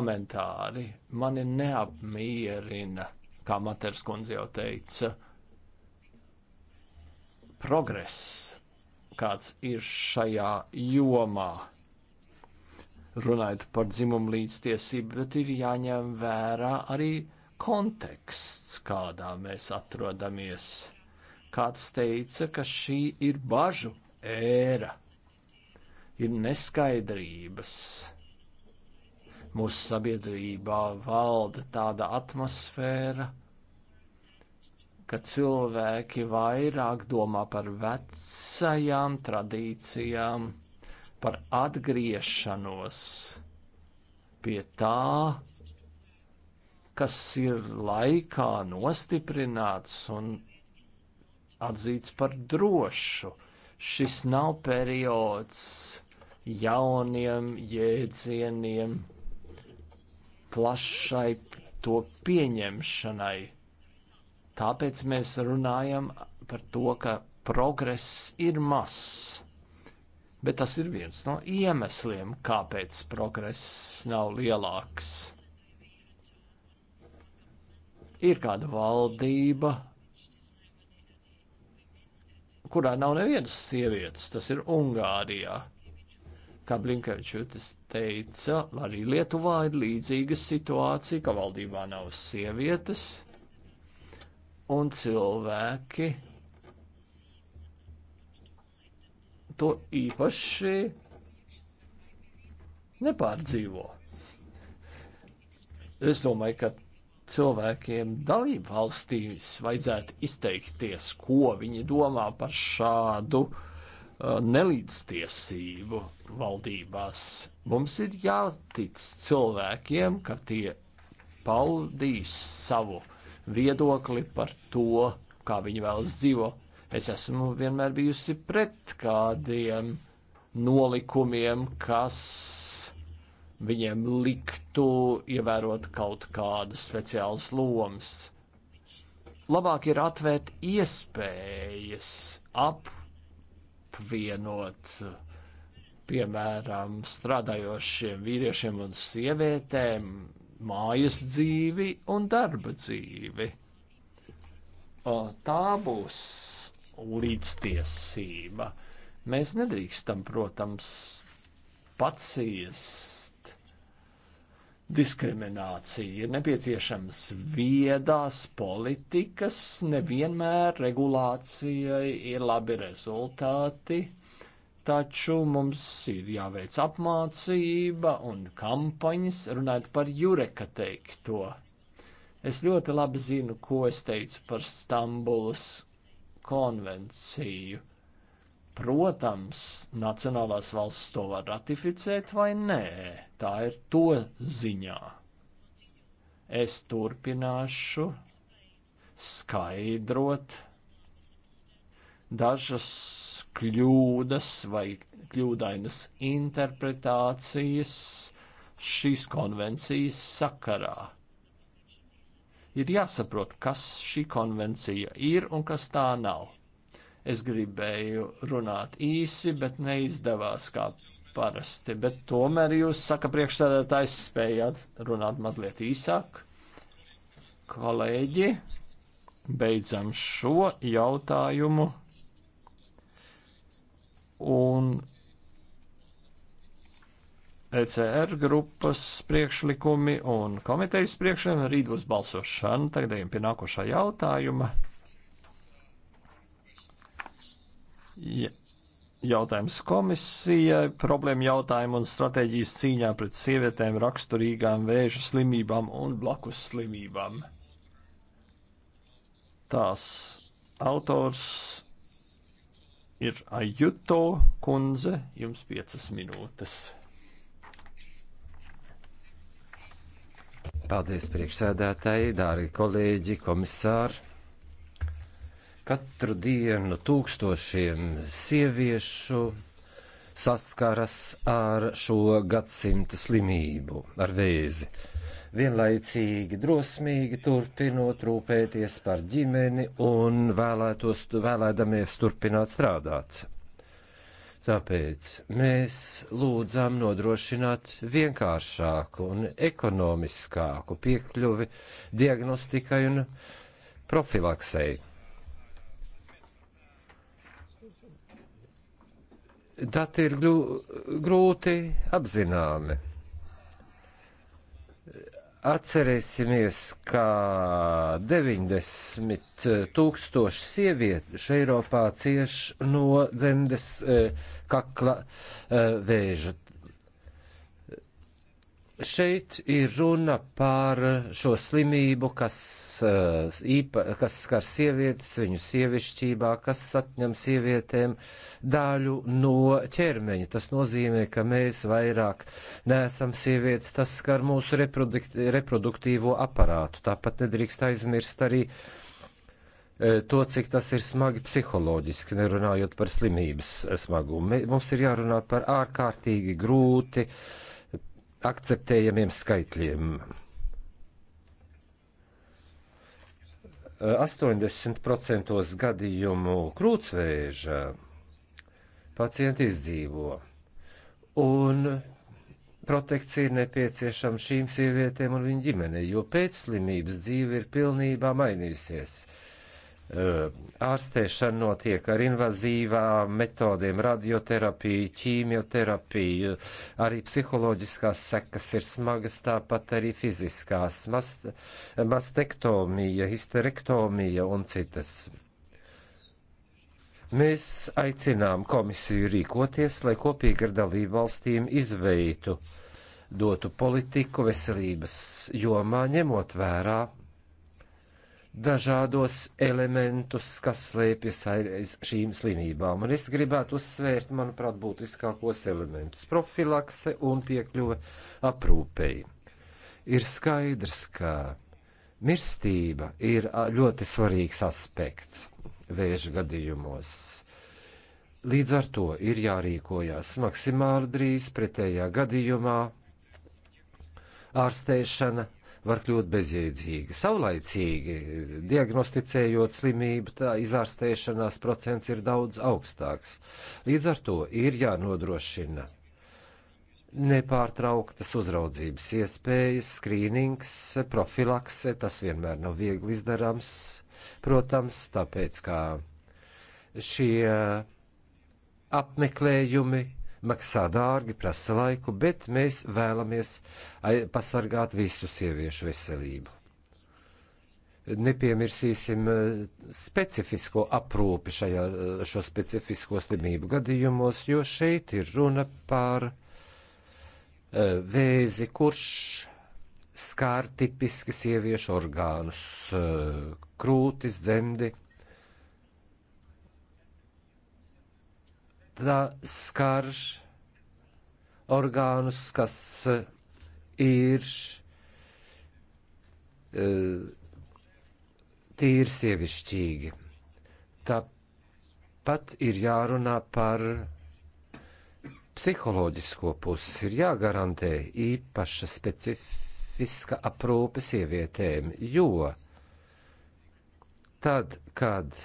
Komentāri mani neapmierina, kā Maters kundze jau teica, progress, kāds ir šajā jomā runājot par dzimumu līdztiesību, bet ir jāņem vērā arī konteksts, kādā mēs atrodamies. Kāds teica, ka šī ir bažu ēra, ir neskaidrības, Mūsu sabiedrībā valda tāda atmosfēra, ka cilvēki vairāk domā par vecajām tradīcijām, par atgriešanos pie tā, kas ir laikā nostiprināts un atzīts par drošu. Šis nav periods jauniem jēdzieniem, plašai to pieņemšanai. Tāpēc mēs runājam par to, ka progress ir mazs. Bet tas ir viens no iemesliem, kāpēc progress nav lielāks. Ir kāda valdība, kurā nav nevienas sievietes, tas ir Ungārijā. Kā Blinkevičs teica, arī Lietuvā ir līdzīga situācija, ka valdībā nav sievietes un cilvēki to īpaši nepārdzīvo. Es domāju, ka cilvēkiem dalību valstīs vajadzētu izteikties, ko viņi domā par šādu uh, Uh, nelīdztiesību valdībās. Mums ir jātic cilvēkiem, ka tie paudīs savu viedokli par to, kā viņi vēlas dzīvot. Es esmu vienmēr bijusi pret kādiem nolikumiem, kas viņiem liktu ievērot kaut kādas speciālas lomas. Labāk ir atvērt iespējas, ap apvienot, piemēram, strādājošiem vīriešiem un sievietēm mājas dzīvi un darba dzīvi. Tā būs līdztiesība. Mēs nedrīkstam, protams, pacijas diskrimināciju. Ir nepieciešams viedās politikas, nevienmēr regulācijai ir labi rezultāti, taču mums ir jāveic apmācība un kampaņas, runājot par Jureka teikto. Es ļoti labi zinu, ko es teicu par Stambulas konvenciju. Protams, nacionālās valsts to var ratificēt vai nē. Tā ir to ziņā. Es turpināšu skaidrot dažas kļūdas vai kļūdainas interpretācijas šīs konvencijas sakarā. Ir jāsaprot, kas šī konvencija ir un kas tā nav. Es gribēju runāt īsi, bet neizdevās kā parasti. Bet tomēr jūs, saka priekšsēdētājs, spējāt runāt mazliet īsāk. Kolēģi, beidzam šo jautājumu. Un ECR grupas priekšlikumi un komitejas priekšlikumi rīt būs balsošana. Tagad ejam pie nākošā jautājuma. Ja jautājums komisijai, problēma jautājumu un stratēģijas cīņā pret sievietēm raksturīgām vēža slimībām un blakus slimībām. Tās autors ir Ajuto kundze, jums piecas minūtes. Paldies priekšsēdētāji, dārgi kolēģi, komisāri! Katru dienu tūkstošiem sieviešu saskaras ar šo gadsimta slimību, ar vēzi. Vienlaicīgi, drosmīgi turpinot rūpēties par ģimeni un vēlētos, vēlēdamies turpināt strādāt. Tāpēc mēs lūdzam nodrošināt vienkāršāku un ekonomiskāku piekļuvi diagnostikai un profilaksei. dati ir grūti apzināmi. Atcerēsimies, ka 90 tūkstoši sieviešu Eiropā cieš no dzemdes eh, kakla eh, vēža. Šeit ir runa par šo slimību, kas, eh, īpa, kas skar sievietes, viņu sievišķībā, kas atņem sievietēm daļu no ķermeņa. Tas nozīmē, ka mēs vairāk neesam sievietes, tas skar mūsu reproduktīvo aparātu. Tāpat nedrīkst aizmirst arī eh, to, cik tas ir smagi psiholoģiski, nerunājot par slimības smagumu. Mums ir jārunā par ārkārtīgi grūti akceptējamiem skaitļiem. 80% gadījumu krūtsvēža pacienti izdzīvo, un protekcija ir nepieciešama šīm sievietēm un viņu ģimenei, jo pēc slimības dzīve ir pilnībā mainījusies. Uh, ārstēšana notiek ar invazīvām metodēm, radioterapiju, ķīmioterapiju, arī psiholoģiskās sekas ir smagas, tāpat arī fiziskās, mast, mastektomija, histerektomija un citas. Mēs aicinām komisiju rīkoties, lai kopīgi ar dalību valstīm izveitu dotu politiku veselības jomā, ņemot vērā dažādos elementus, kas slēpjas aiz šīm slimībām. Un es gribētu uzsvērt, manuprāt, būtiskākos elementus - profilakse un piekļuve aprūpei. Ir skaidrs, ka mirstība ir ļoti svarīgs aspekts vēža gadījumos. Līdz ar to ir jārīkojās maksimāli drīz, pretējā gadījumā ārstēšana var kļūt bezjēdzīgi. Saulaicīgi diagnosticējot slimību, tā izārstēšanās procents ir daudz augstāks. Līdz ar to ir jānodrošina nepārtrauktas uzraudzības iespējas, skrīnings, profilakse, tas vienmēr nav viegli izdarāms, protams, tāpēc kā šie apmeklējumi maksā dārgi, prasa laiku, bet mēs vēlamies pasargāt visu sieviešu veselību. Nepiemirsīsim eh, specifisko aprūpi šajā, eh, šo specifisko slimību gadījumos, jo šeit ir runa par eh, vēzi, kurš skār tipiski sieviešu orgānus - krūtis, dzemdi. tā skar orgānus, kas eh, ir eh, tīri sievišķīgi. Tāpat ir jārunā par psiholoģisko pusi, ir jāgarantē īpaša specifiska aprūpe sievietēm, jo tad, kad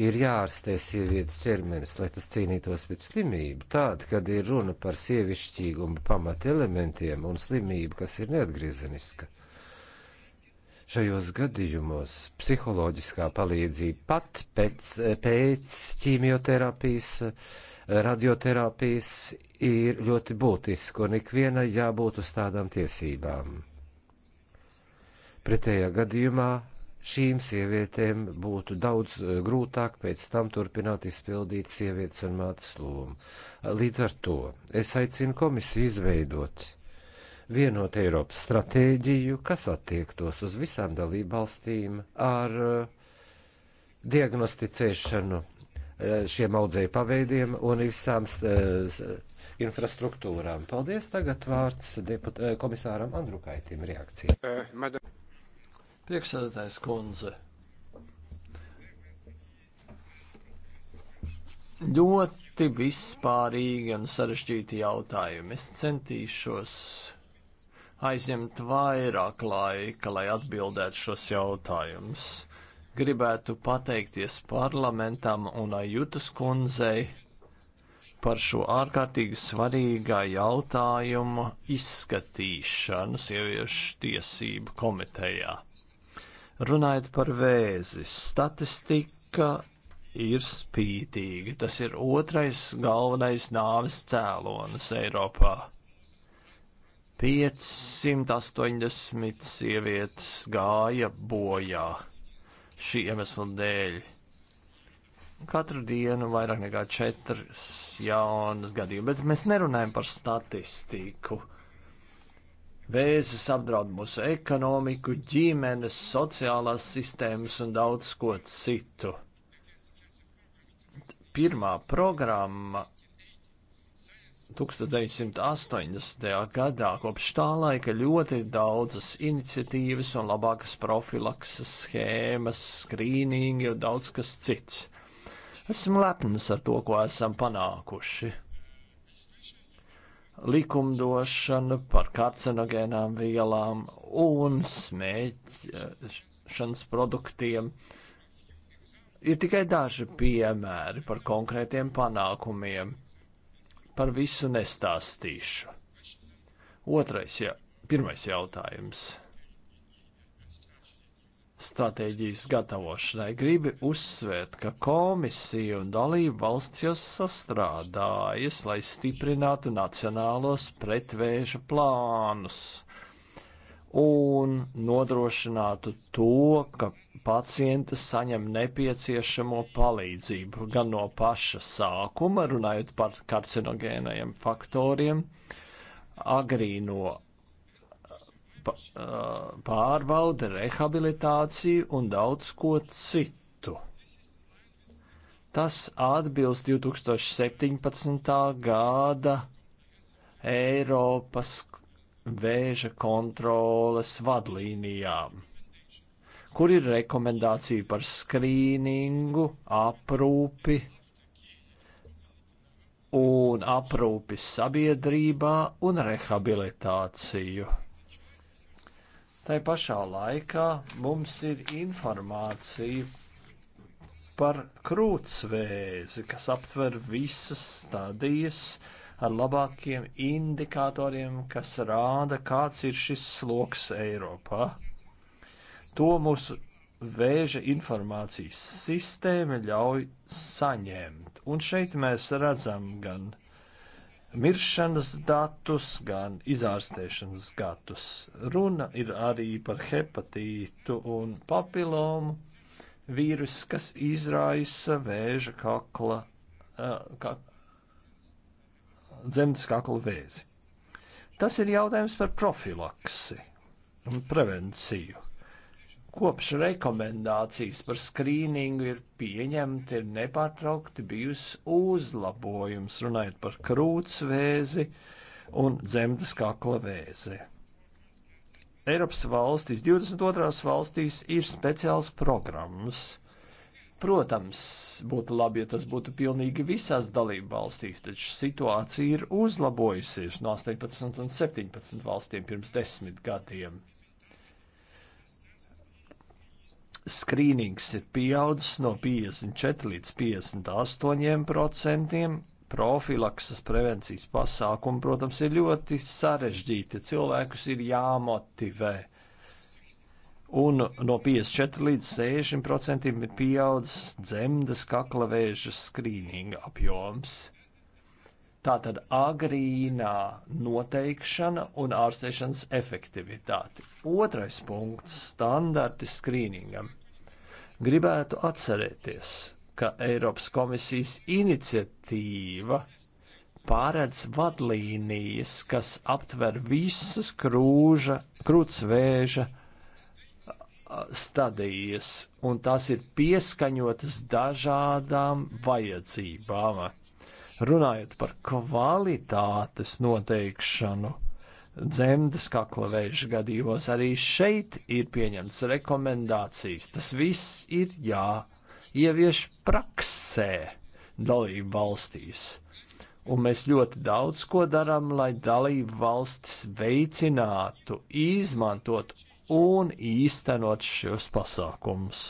ir jārastē sievietes ķermenis, lai tas cīnītos pret slimību. Tāda, kad ir runa par sievišķīgumu pamata elementiem un slimību, kas ir neatgriezeniska. Šajos gadījumos psiholoģiskā palīdzība pat pēc, pēc ķīmioterapijas, radioterapijas ir ļoti būtiska un ikvienai jābūt uz tādām tiesībām. Pretējā gadījumā šīm sievietēm būtu daudz eh, grūtāk pēc tam turpināt izpildīt sievietes un mātes lomu. Līdz ar to es aicinu komisiju izveidot vienot Eiropas stratēģiju, kas attiektos uz visām dalībvalstīm ar eh, diagnosticēšanu eh, šiem audzēju paveidiem un visām infrastruktūrām. Paldies, tagad vārds komisāram Andrukaitim reakcija. Uh, Priekšsēdētājs kundze. Ļoti vispārīgi un sarežģīti jautājumi. Es centīšos aizņemt vairāk laika, lai atbildētu šos jautājumus. Gribētu pateikties parlamentam un Ajutas kundzei par šo ārkārtīgi svarīgā jautājuma izskatīšanu sieviešu tiesību komitejā. Runājot par vēzi, statistika ir spītīga. Tas ir otrais galvenais nāves cēlonis Eiropā. 580 sievietes gāja bojā šī iemesla dēļ. Katru dienu vairāk nekā četras jaunas gadījumas, bet mēs nerunājam par statistiku. Vēzis apdraud mūsu ekonomiku, ģimenes, sociālās sistēmas un daudz ko citu. Pirmā programma 1980. gadā kopš tā laika ļoti daudzas iniciatīvas un labākas profilakses schēmas, skrīningi un daudz kas cits. Esmu lepns ar to, ko esam panākuši likumdošanu par karcinogēnām vielām un smēķēšanas produktiem. Ir tikai daži piemēri par konkrētiem panākumiem. Par visu nestāstīšu. Otrais, ja, pirmais jautājums stratēģijas gatavošanai. Gribu uzsvērt, ka komisija un dalība valsts jau sastrādājas, lai stiprinātu nacionālos pretvēža plānus un nodrošinātu to, ka pacienti saņem nepieciešamo palīdzību gan no paša sākuma, runājot par karcinogēnajiem faktoriem, agrīno pārbaude, rehabilitāciju un daudz ko citu. Tas atbilst 2017. gada Eiropas vēža kontroles vadlīnijām, kur ir rekomendācija par skrīningu, aprūpi un aprūpis sabiedrībā un rehabilitāciju. Tai pašā laikā mums ir informācija par krūtsvēzi, kas aptver visas stadijas ar labākiem indikatoriem, kas rāda, kāds ir šis sloks Eiropā. To mūsu vēža informācijas sistēma ļauj saņemt. Un šeit mēs redzam gan miršanas datus, gan izārstēšanas datus. Runa ir arī par hepatītu un papilomu vīrusu, kas izraisa vēža kakla, ka, dzemdas kakla vēzi. Tas ir jautājums par profilaksi un prevenciju. Kopš rekomendācijas par skrīningu ir pieņemta, ir nepārtraukti bijusi uzlabojums, runājot par krūtsvēzi un dzemdas kakla vēzi. Eiropas valstīs, 22. valstīs ir speciāls programmas. Protams, būtu labi, ja tas būtu pilnīgi visās dalību valstīs, taču situācija ir uzlabojusies no 18 un 17 valstīm pirms desmit gadiem. Skrīnings ir pieaudzis no 54 līdz 58 procentiem. Profilakses prevencijas pasākumi, protams, ir ļoti sarežģīti. Cilvēkus ir jāmotivē. Un no 54 līdz 60 procentiem ir pieaudzis dzemdas kaklavēža skrīninga apjoms. Tātad agrīnā noteikšana un ārstēšanas efektivitāte. Otrais punkts - standarti skrīningam. Gribētu atcerēties, ka Eiropas komisijas iniciatīva pārēdz vadlīnijas, kas aptver visas krūža, krūtsvēža stadijas, un tās ir pieskaņotas dažādām vajadzībām. Runājot par kvalitātes noteikšanu, dzemdas kaklavēža gadījumos arī šeit ir pieņemts rekomendācijas. Tas viss ir jāievieš praksē dalību valstīs. Un mēs ļoti daudz ko darām, lai dalību valstis veicinātu, izmantot un īstenot šos pasākumus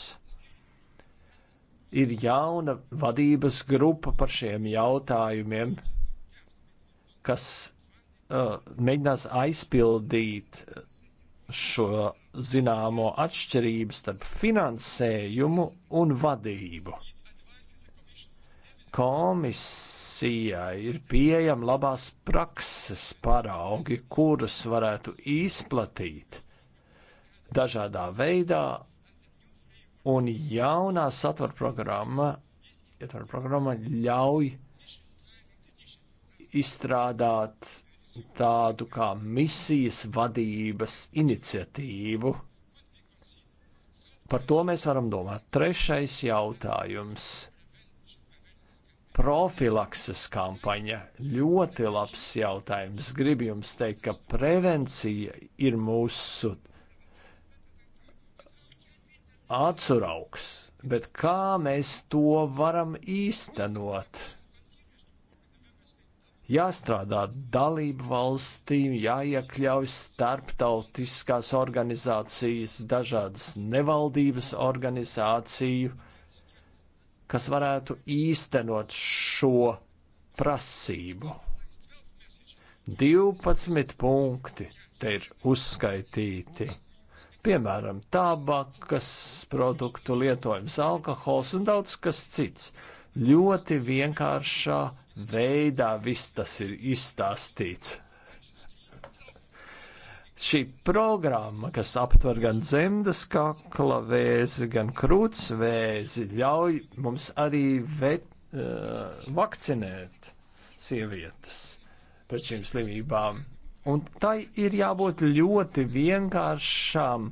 ir jauna vadības grupa par šiem jautājumiem, kas uh, mēģinās aizpildīt šo zināmo atšķirību starp finansējumu un vadību. Komisijai ir pieejama labās prakses paraugi, kurus varētu izplatīt dažādā veidā Un jaunā satvara programma, ietvara programma ļauj izstrādāt tādu kā misijas vadības iniciatīvu. Par to mēs varam domāt. Trešais jautājums profilakses kampaņa. Ļoti labs jautājums. Gribu jums teikt, ka prevencija ir mūsu atsuraugs, bet kā mēs to varam īstenot? Jāstrādā dalību valstīm, jāiekļauj starptautiskās organizācijas, dažādas nevaldības organizāciju, kas varētu īstenot šo prasību. 12 punkti te ir uzskaitīti piemēram, tabakas produktu lietojums, alkohols un daudz kas cits. Ļoti vienkāršā veidā viss tas ir izstāstīts. Šī programma, kas aptver gan zemes kakla vēzi, gan krūts vēzi, ļauj mums arī vet, uh, vakcinēt sievietes pret šīm slimībām. Un tai ir jābūt ļoti vienkāršām,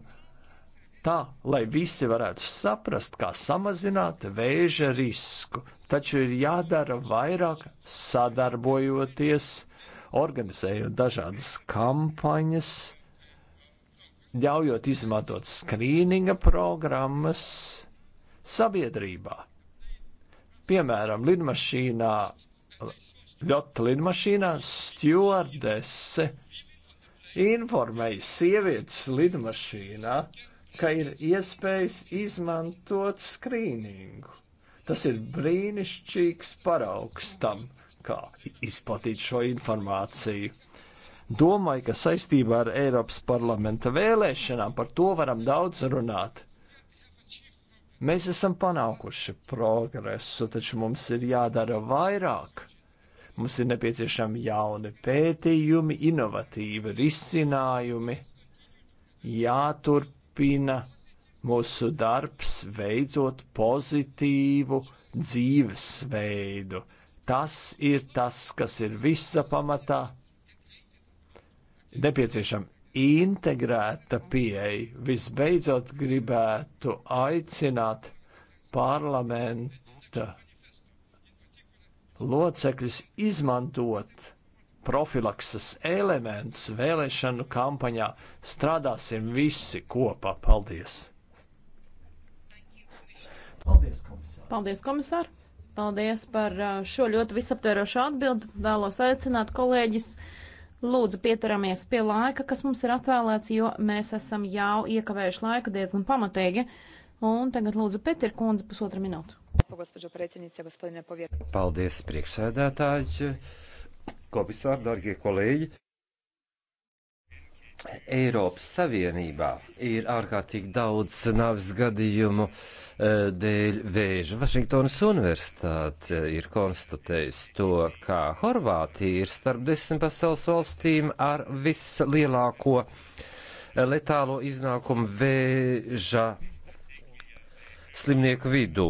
tā lai visi varētu saprast, kā samazināt vēža risku. Taču ir jādara vairāk sadarbojoties, organizējot dažādas kampaņas, ļaujot izmantot skrīninga programmas sabiedrībā. Piemēram, lidmašīnā ļoti lidmašīnā stjordese informēja sievietes lidmašīnā, ka ir iespējas izmantot skrīningu. Tas ir brīnišķīgs paraugs tam, kā izplatīt šo informāciju. Domāju, ka saistībā ar Eiropas parlamenta vēlēšanām par to varam daudz runāt. Mēs esam panākuši progresu, taču mums ir jādara vairāk Mums ir nepieciešami jauni pētījumi, inovatīvi risinājumi, jāturpina mūsu darbs veidot pozitīvu dzīvesveidu. Tas ir tas, kas ir visa pamatā. Nepieciešama integrēta pieeja. Visbeidzot, gribētu aicināt parlamenta locekļus izmantot profilakses elementus vēlēšanu kampaņā. Strādāsim visi kopā. Paldies! Paldies, komisār! Paldies, komisār! Paldies par uh, šo ļoti visaptverošu atbildi. Vēlos aicināt kolēģis. Lūdzu, pieturamies pie laika, kas mums ir atvēlēts, jo mēs esam jau iekavējuši laiku diezgan pamatīgi. Un tagad lūdzu Petir kundze pusotru minūtu. Paldies, priekšsēdētāji, komisāri, darbie kolēģi! Eiropas Savienībā ir ārkārtīgi daudz nāves gadījumu eh, dēļ vēža. Vašingtonas Universitāte eh, ir konstatējusi to, ka Horvātija ir starp desmit pasaules valstīm ar vislielāko eh, letālo iznākumu vēža slimnieku vidū.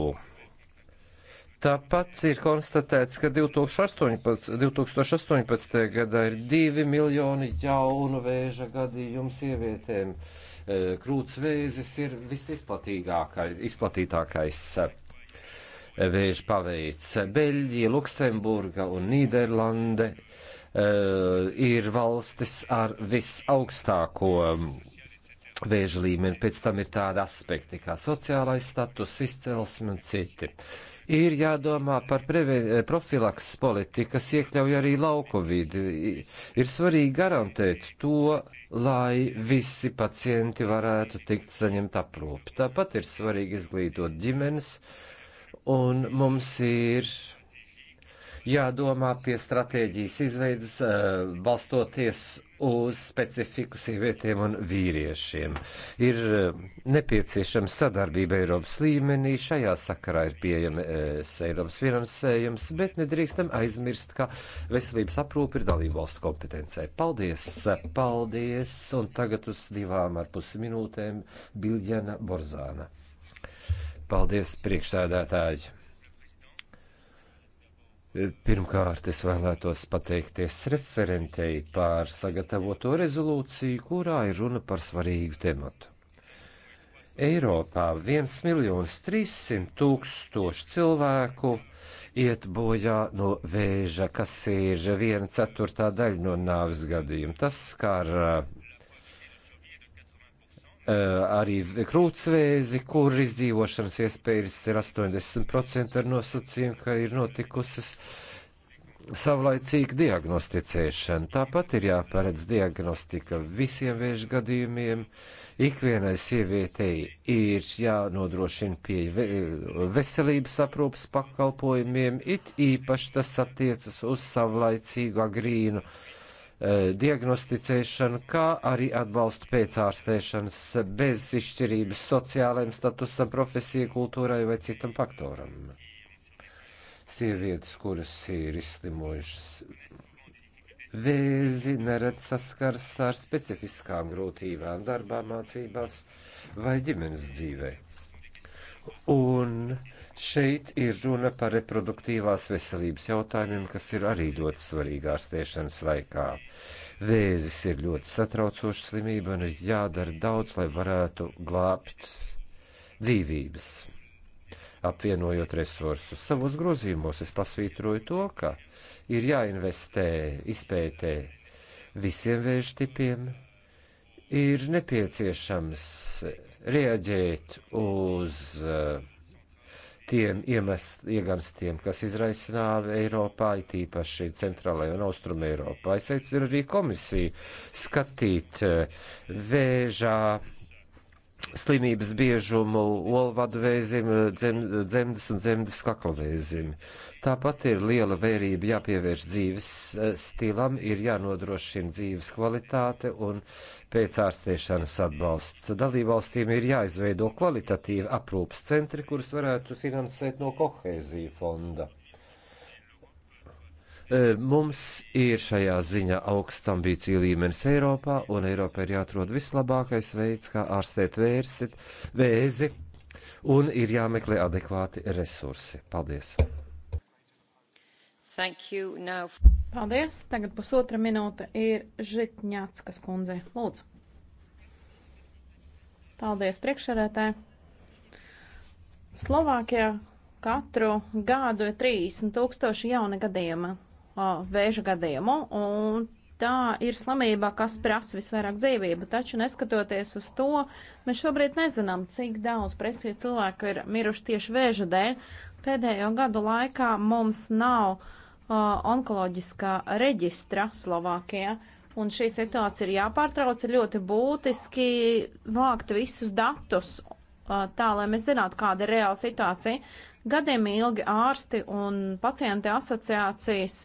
Tāpat ir konstatēts, ka 2018, 2018. gadā ir 2 miljoni jaunu vēža gadījumu sievietēm. E, krūtsvēzis ir visizplatītākais e, vēža paveids. Beļģija, Luksemburga un Nīderlande e, ir valstis ar visaugstāko vēža līmeni. Pēc tam ir tādi aspekti kā sociālais status, izcelsme un citi. Uh, Ir jādomā par profilaks politiku, kas iekļauj arī lauku vidi. Ir svarīgi garantēt to, lai visi pacienti varētu tikt saņemt aprūpi. Tāpat ir svarīgi izglītot ģimenes, un mums ir jādomā pie stratēģijas izveidas eh, balstoties uz specifiku sievietēm un vīriešiem. Ir eh, nepieciešama sadarbība Eiropas līmenī, šajā sakarā ir pieejams eh, Eiropas finansējums, bet nedrīkstam aizmirst, ka veselības aprūpe ir dalību valstu kompetencē. Paldies, paldies, un tagad uz divām ar pus minūtēm Biljana Borzāna. Paldies, priekšstādātāji! Pirmkārt, es vēlētos pateikties referentei par sagatavoto rezolūciju, kurā ir runa par svarīgu tematu. Eiropā 1 miljonus 300 tūkstoši cilvēku iet bojā no vēža, kas ir viena ceturtā daļa no nāves gadījuma. Tas skar Eh, arī krūtsvēzi, kur izdzīvošanas iespējas ir 80% ar nosacījumu, ka ir notikusi savlaicīga diagnosticēšana. Tāpat ir jāparedz diagnostika visiem vēža gadījumiem. Ikvienai sievietei ir jānodrošina pie veselības aprūpas pakalpojumiem, it īpaši tas attiecas uz savlaicīgu agrīnu uh, E, diagnosticēšanu, kā arī atbalstu pēcārstēšanas bez izšķirības sociālajiem statusam, profesijai, kultūrai vai citam faktoram. Sievietes, kuras ir izslimojušas Vēzi neredz saskars ar specifiskām grūtībām darbā, mācībās vai ģimenes dzīvē. Un Šeit ir runa par reproduktīvās veselības jautājumiem, kas ir arī ļoti svarīgi ārstēšanas laikā. Vēzis ir ļoti satraucoša slimība un ir jādara daudz, lai varētu glābt dzīvības. Apvienojot resursus savos grozījumos, es pasvītroju to, ka ir jāinvestē izpētē visiem vēža tipiem, ir nepieciešams reaģēt uz uh, tiem iemest, ieganstiem, kas izraisa nāvi Eiropā, it īpaši centrālajā un austrumē Eiropā. Es aicinu arī komisiju skatīt eh, vēžā slimības biežumu, olvadu vēzim, dzem, dzemdas un dzemdas kaklavēzim. Tāpat ir liela vērība jāpievērš dzīves eh, stilam, ir jānodrošina dzīves kvalitāte un pēc ārstēšanas atbalsts. Dalībvalstīm ir jāizveido kvalitatīvi aprūpas centri, kurus varētu finansēt no kohēzija fonda E, mums ir šajā ziņā augsts ambīciju līmenis Eiropā, un Eiropā ir jāatrod vislabākais veids, kā ārstēt vērsit, vēzi, un ir jāmeklē adekvāti resursi. Paldies! Now... Paldies! Tagad pusotra minūte ir Žitņāckas kundzei. Lūdzu! Paldies priekšsarētāji! Slovākijā katru gadu ir 30 tūkstoši jauna gadījuma vēža gadījumu, un tā ir slimība, kas prasa visvairāk dzīvību. Taču, neskatoties uz to, mēs šobrīd nezinām, cik daudz precīzi cilvēku ir miruši tieši vēža dēļ. Pēdējo gadu laikā mums nav uh, onkoloģiskā reģistra Slovākijā, un šī situācija ir jāpārtrauc. Ir ļoti būtiski vākt visus datus uh, tā, lai mēs zinātu, kāda ir reāla situācija. Gadiem ilgi ārsti un pacienti asociācijas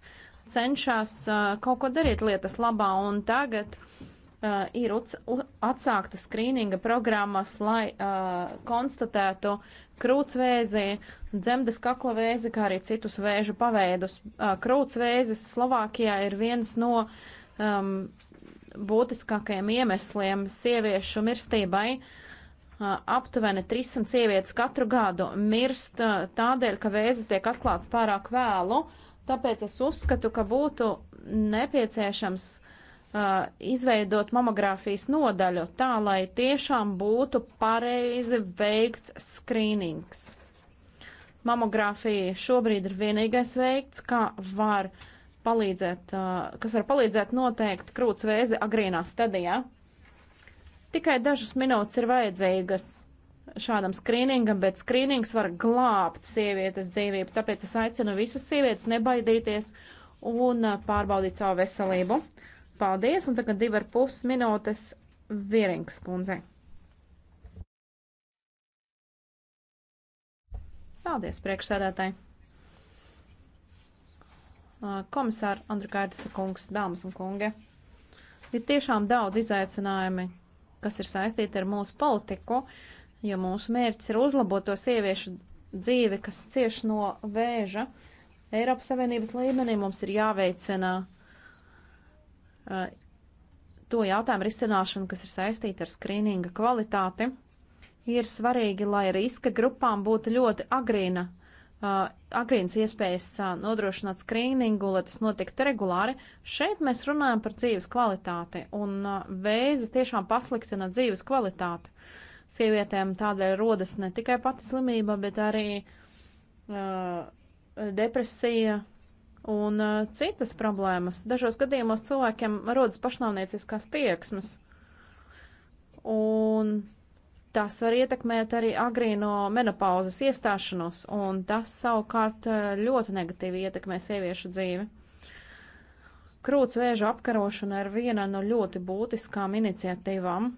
cenšas uh, kaut ko darīt lietas labā, un tagad uh, ir atsākta skrīninga programmas, lai uh, konstatētu krūtsvēzi, dzemdes kakla vēzi, kā arī citus vēžu paveidus. Uh, krūtsvēzis Slovākijā ir viens no um, būtiskākajiem iemesliem sieviešu mirstībai. Uh, aptuveni 300 sievietes katru gadu mirst tādēļ, ka vēzis tiek atklāts pārāk vēlu. Tāpēc es uzskatu, ka būtu nepieciešams uh, izveidot mamogrāfijas nodaļu tā, lai tiešām būtu pareizi veikts skrīnings. Mamogrāfija šobrīd ir vienīgais veikts, kā var palīdzēt, uh, kas var palīdzēt noteikt krūts vēzi agrīnā stadijā. Ja? Tikai dažas minūtes ir vajadzīgas šādam skrīningam, bet skrīnings var glābt sievietes dzīvību. Tāpēc es aicinu visas sievietes nebaidīties un uh, pārbaudīt savu veselību. Paldies, un tagad divi ar pus minūtes Vierinkas kundzei. Paldies, priekšsēdētāji. Uh, Komisāri Andrikaitis kungs, dāmas un kungi. Ir tiešām daudz izaicinājumi, kas ir saistīti ar mūsu politiku, jo mūsu mērķis ir uzlabot to sieviešu dzīvi, kas cieš no vēža. Eiropas Savienības līmenī mums ir jāveicina uh, to jautājumu risināšanu, kas ir saistīta ar skrīninga kvalitāti. Ir svarīgi, lai riska grupām būtu ļoti agrīna uh, Uh, agrīnas iespējas uh, nodrošināt skrīningu, lai tas notiktu regulāri, šeit mēs runājam par dzīves kvalitāti, un uh, vēzis tiešām pasliktina dzīves kvalitāti. Sievietēm tādēļ rodas ne tikai pati slimība, bet arī uh, depresija un uh, citas problēmas. Dažos gadījumos cilvēkiem rodas pašnāvnieciskās tieksmes. Un Tas var ietekmēt arī agrīno menopauzes iestāšanos, un tas savukārt eh, ļoti negatīvi ietekmē sieviešu dzīvi. Krūts vēža apkarošana ir viena no ļoti būtiskām iniciatīvām.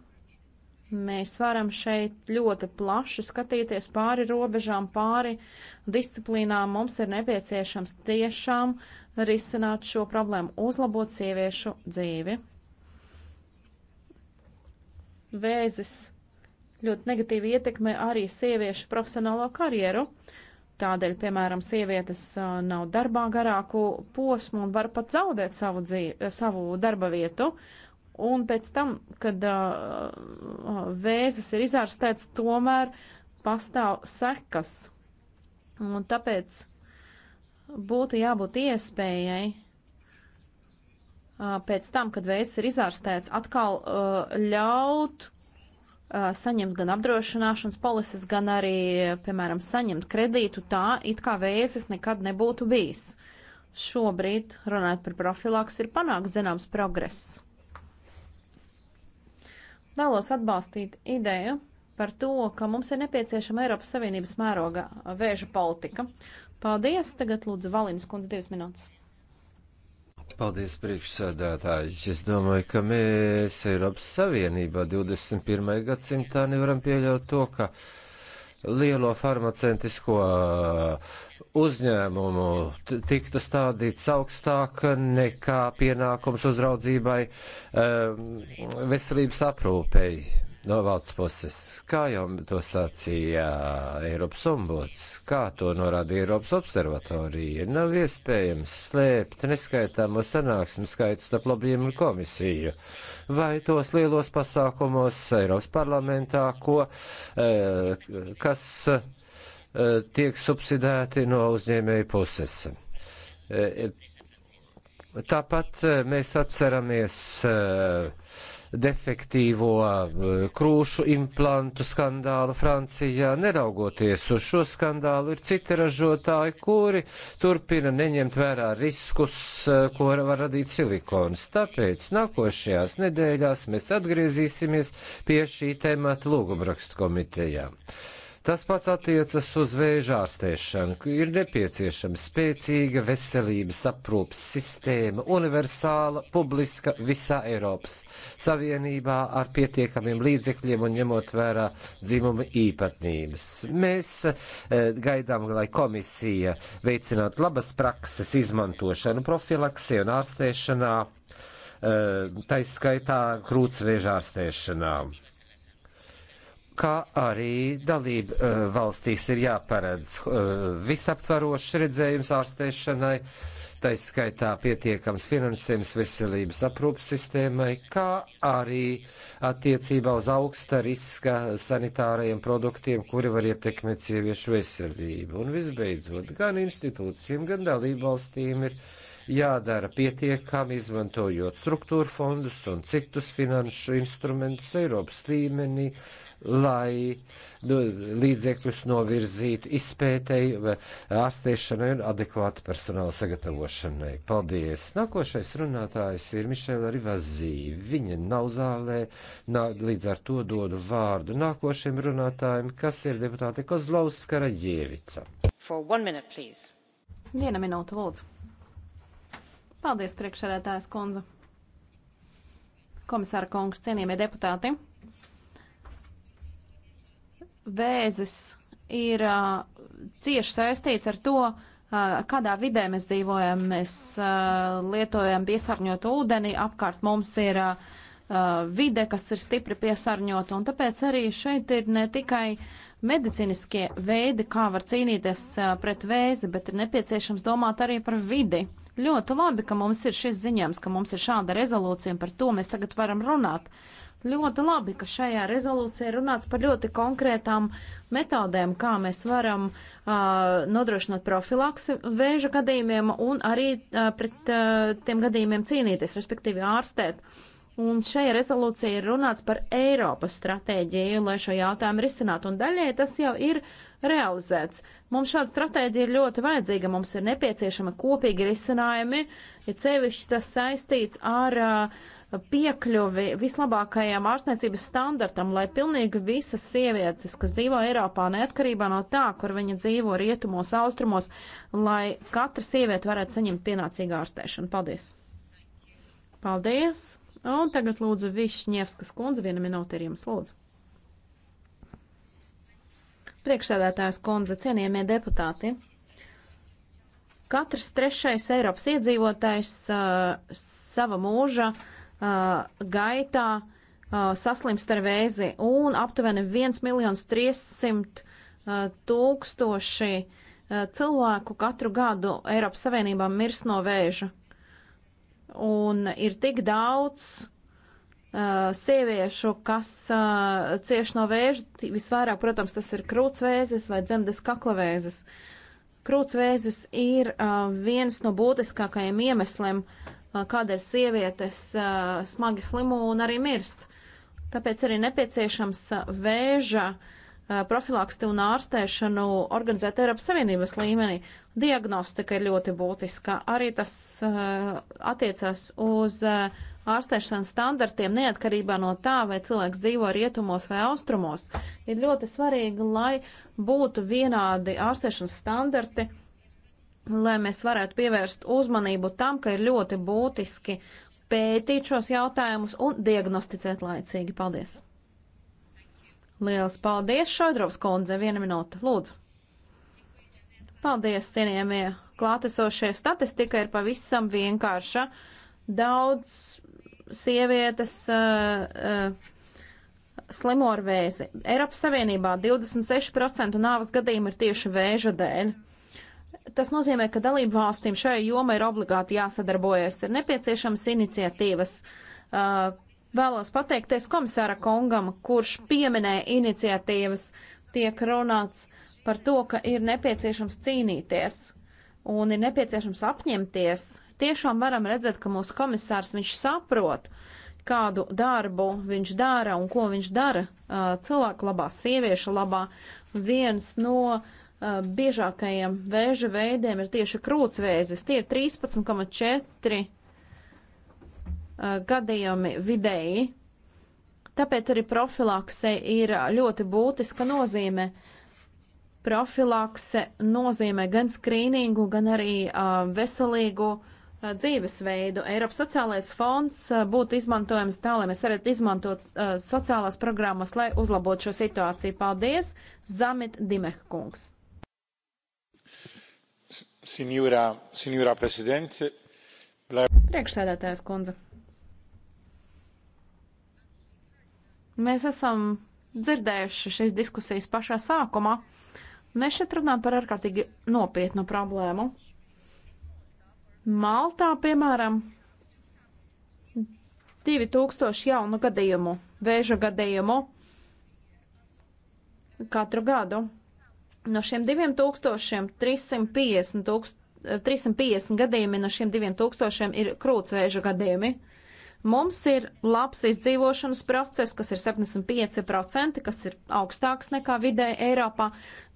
Mēs varam šeit ļoti plaši skatīties pāri robežām, pāri disciplīnām. Mums ir nepieciešams tiešām risināt šo problēmu, uzlabot sieviešu dzīvi. Vēzis ļoti negatīvi ietekmē arī sieviešu profesionālo karjeru. Tādēļ, piemēram, sievietes nav darbā garāku posmu un var pat zaudēt savu, dzīvi, savu darba vietu. Un pēc tam, kad uh, vēzis ir izārstēts, tomēr pastāv sekas. Un tāpēc būtu jābūt iespējai uh, pēc tam, kad vēzis ir izārstēts, atkal uh, ļaut saņemt gan apdrošināšanas polises, gan arī, piemēram, saņemt kredītu tā, it kā vēzis nekad nebūtu bijis. Šobrīd, runājot par profilaks, ir panākts zināms progress. Vēlos atbalstīt ideju par to, ka mums ir nepieciešama Eiropas Savienības mēroga vēža politika. Paldies! Tagad lūdzu Valīnas kundze divas minūtes. Paldies, priekšsēdētāji. Es domāju, ka mēs Eiropas Savienībā 21. gadsimtā nevaram pieļaut to, ka lielo farmacentisko uh, uzņēmumu tiktu stādīts augstāk nekā pienākums uzraudzībai um, veselības aprūpei no valsts puses. Kā jau to sacīja Eiropas ombuds, kā to norāda Eiropas observatorija, nav iespējams slēpt neskaitāmo sanāksmu skaitu starp lobbyiem un komisiju vai tos lielos pasākumos Eiropas parlamentā, ko, eh, kas eh, tiek subsidēti no uzņēmēju puses. Eh, tāpat mēs atceramies uh, defektīvo eh, krūšu implantu skandālu Francijā. Neraugoties uz šo skandālu, ir citi ražotāji, kuri turpina neņemt vērā riskus, eh, ko var radīt silikons. Tāpēc nākošajās nedēļās mēs atgriezīsimies pie šī temata lūgumrakstu komitejā. Tas pats attiecas uz vēža ārstēšanu, ka ir nepieciešama spēcīga veselības aprūpas sistēma, universāla, publiska visā Eiropas Savienībā ar pietiekamiem līdzekļiem un ņemot vērā dzimuma īpatnības. Mēs e, gaidām, lai komisija veicinātu labas prakses izmantošanu profilaksē un ārstēšanā, e, taiskaitā krūtsvēža ārstēšanā kā arī dalību uh, eh, valstīs ir jāparedz uh, visaptvarošs redzējums ārstēšanai, taiskaitā pietiekams finansējums veselības aprūpas sistēmai, kā arī attiecībā uz augsta riska sanitārajiem produktiem, kuri var ietekmēt sieviešu veselību. Un visbeidzot, gan institūcijiem, gan dalību valstīm ir jādara pietiekami, izmantojot struktūra fondus un citus finanšu instrumentus Eiropas līmenī, uh, lai nu, līdzekļus novirzītu izpētēji, ārstēšanai un adekvātu personāla sagatavošanai. Paldies! Nākošais runātājs ir Mišela Rivazī. Viņa nav zālē, nā, līdz ar to dodu vārdu nākošiem runātājiem, kas ir deputāte Kozlovskara Jēvica. Minute, Viena minūte, lūdzu. Paldies, priekšsēdētājas kundze. Komisāra kungs, cienījamie deputāti! vēzis ir uh, cieši saistīts ar to, uh, kādā vidē mēs dzīvojam. Mēs uh, lietojam piesārņotu ūdeni, apkārt mums ir uh, vide, kas ir stipri piesārņota, un tāpēc arī šeit ir ne tikai medicīniskie veidi, kā var cīnīties uh, pret vēzi, bet ir nepieciešams domāt arī par vidi. Ļoti labi, ka mums ir šis ziņojums, ka mums ir šāda rezolūcija, un par to mēs tagad varam runāt. Uh, Ļoti labi, ka šajā rezolūcijā runāts par ļoti konkrētām metodēm, kā mēs varam uh, nodrošināt profilaksi vēža gadījumiem un arī uh, pret uh, tiem gadījumiem cīnīties, respektīvi ārstēt. Un šajā rezolūcijā ir runāts par Eiropas stratēģiju, lai šo jautājumu risinātu, un daļai tas jau ir realizēts. Mums šāda stratēģija ir ļoti vajadzīga, mums ir nepieciešama kopīgi risinājumi, ja cevišķi tas saistīts ar uh, piekļuvi vislabākajam ārstniecības standartam, lai pilnīgi visas sievietes, kas dzīvo Eiropā, neatkarībā no tā, kur viņa dzīvo rietumos, austrumos, lai katra sieviete varētu saņemt pienācīgu ārstēšanu. Paldies! Paldies! Un tagad lūdzu Višņievskas kundze, viena minūte ir jums lūdzu. Priekšsēdētājs kundze, cienījamie deputāti! Katrs trešais Eiropas iedzīvotājs uh, sava mūža uh, Uh, gaitā uh, saslimst ar vēzi un aptuveni 1 miljonus 300 tūkstoši uh, cilvēku katru gadu Eiropas Savienībā mirs no vēža. Un ir tik daudz uh, sieviešu, kas uh, cieš no vēža. Visvairāk, protams, tas ir krūtsvēzis vai dzemdes kaklavēzis. Krūtsvēzis ir uh, viens no būtiskākajiem iemesliem uh, kādēļ sievietes smagi slimo un arī mirst. Tāpēc arī nepieciešams vēža profilaksti un ārstēšanu organizēt Eiropas Savienības līmenī. Diagnostika ir ļoti būtiska. Arī tas attiecās uz ārstēšanas standartiem neatkarībā no tā, vai cilvēks dzīvo rietumos vai austrumos. Ir ļoti svarīgi, lai būtu vienādi ārstēšanas standarti lai mēs varētu pievērst uzmanību tam, ka ir ļoti būtiski pētīt šos jautājumus un diagnosticēt laicīgi. Paldies! Lielas paldies, Šaidrovs kundze, viena minūte, lūdzu. Paldies, cienījamie klātesošie. Statistika ir pavisam vienkārša. Daudz sievietes uh, eh, uh, eh, slimo ar vēzi. Eiropas Savienībā 26% nāvas gadījumu ir tieši vēža dēļ. Uh, Tas nozīmē, ka dalību valstīm šajā jomā ir obligāti jāsadarbojas, ir nepieciešamas iniciatīvas. Uh, vēlos pateikties komisāra Kongam, kurš pieminēja iniciatīvas, tiek runāts par to, ka ir nepieciešams cīnīties un ir nepieciešams apņemties. Tiešām varam redzēt, ka mūsu komisārs viņš saprot, kādu darbu viņš dara un ko viņš dara uh, cilvēku labā, sieviešu labā. Viens no uh, Uh, biežākajiem vēža veidiem ir tieši krūtsvēzis. Tie ir 13,4 uh, gadījumi vidēji. Tāpēc arī profilakse ir ļoti būtiska nozīme. Profilakse nozīmē gan skrīningu, gan arī uh, veselīgu dzīvesveidu. Eiropas sociālais fonds būtu izmantojams tā, lai mēs varētu izmantot sociālās programmas, lai uzlabotu šo situāciju. Paldies, Zamit Dimehkungs! Signora, signora prezidente. La... Priekšsēdētājs kundze. Mēs esam dzirdējuši šīs diskusijas pašā sākumā. Mēs šeit runājam par ārkārtīgi nopietnu problēmu. Maltā, piemēram, 2000 jaunu gadījumu, vēža gadījumu katru gadu. No šiem 2350, tūkst, 350 eh, gadījumi, no šiem 2000 ir krūtsvēža gadījumi. Mums ir labs izdzīvošanas process, kas ir 75%, kas ir augstāks nekā vidēji Eiropā,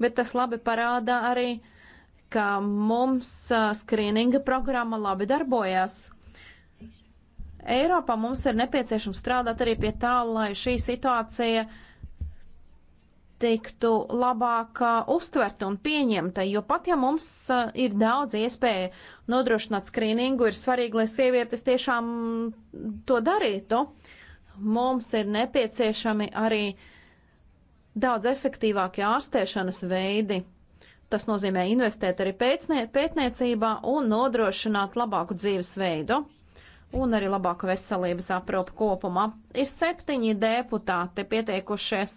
bet tas labi parāda arī, ka mums eh, skrīninga programma labi darbojas. Eiropā mums ir nepieciešams strādāt arī pie tā, lai šī situācija uh, tiktu labāk uztverta un pieņemta, jo pat ja mums ir daudz iespēju nodrošināt skrīningu, ir svarīgi, lai sievietes tiešām to darītu. Mums ir nepieciešami arī daudz efektīvākie ārstēšanas veidi. Tas nozīmē investēt arī pēcnie, pētniecībā un nodrošināt labāku dzīvesveidu un arī labāku veselības aprūpu kopumā. Ir septiņi deputāti pieteikušies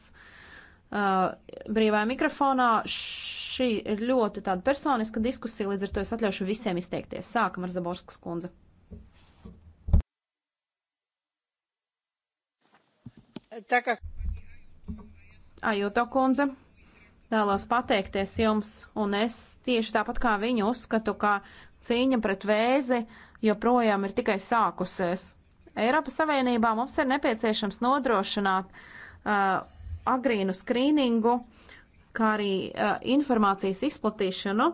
Uh, brīvajā mikrofonā. Šī ir ļoti tāda personiska diskusija, līdz ar to es atļaušu visiem izteikties. Sākam ar Zaborskas kundzi. Tā kā. Ajuto kundze, vēlos pateikties jums, un es tieši tāpat kā viņu uzskatu, ka cīņa pret vēzi joprojām ir tikai sākusies. Eiropas Savienībā mums ir nepieciešams nodrošināt uh, agrīnu skrīningu, kā arī uh, informācijas izplatīšanu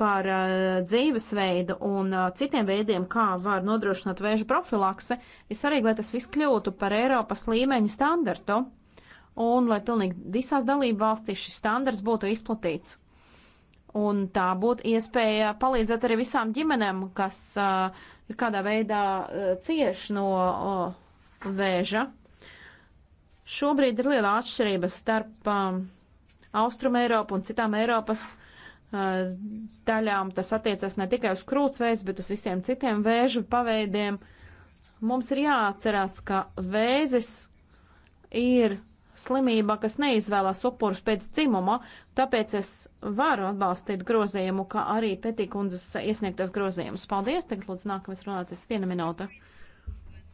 par uh, dzīvesveidu un uh, citiem veidiem, kā var nodrošināt vēža profilakse, ir svarīgi, lai tas viss kļūtu par Eiropas līmeņa standartu un lai pilnīgi visās dalību valstīs šis standarts būtu izplatīts. Un tā būtu iespēja palīdzēt arī visām ģimenēm, kas uh, ir kādā veidā uh, cieši no uh, vēža. Šobrīd ir liela atšķirība starp um, Austrum Eiropu un citām Eiropas uh, daļām. Tas attiecas ne tikai uz krūtsveids, bet uz visiem citiem vēžu paveidiem. Mums ir jāatcerās, ka vēzis ir slimība, kas neizvēlās upurus pēc dzimuma, tāpēc es varu atbalstīt grozījumu, kā arī Petikundzes iesniegtos grozījumus. Paldies, tagad lūdzu nākamais runātais viena minūte.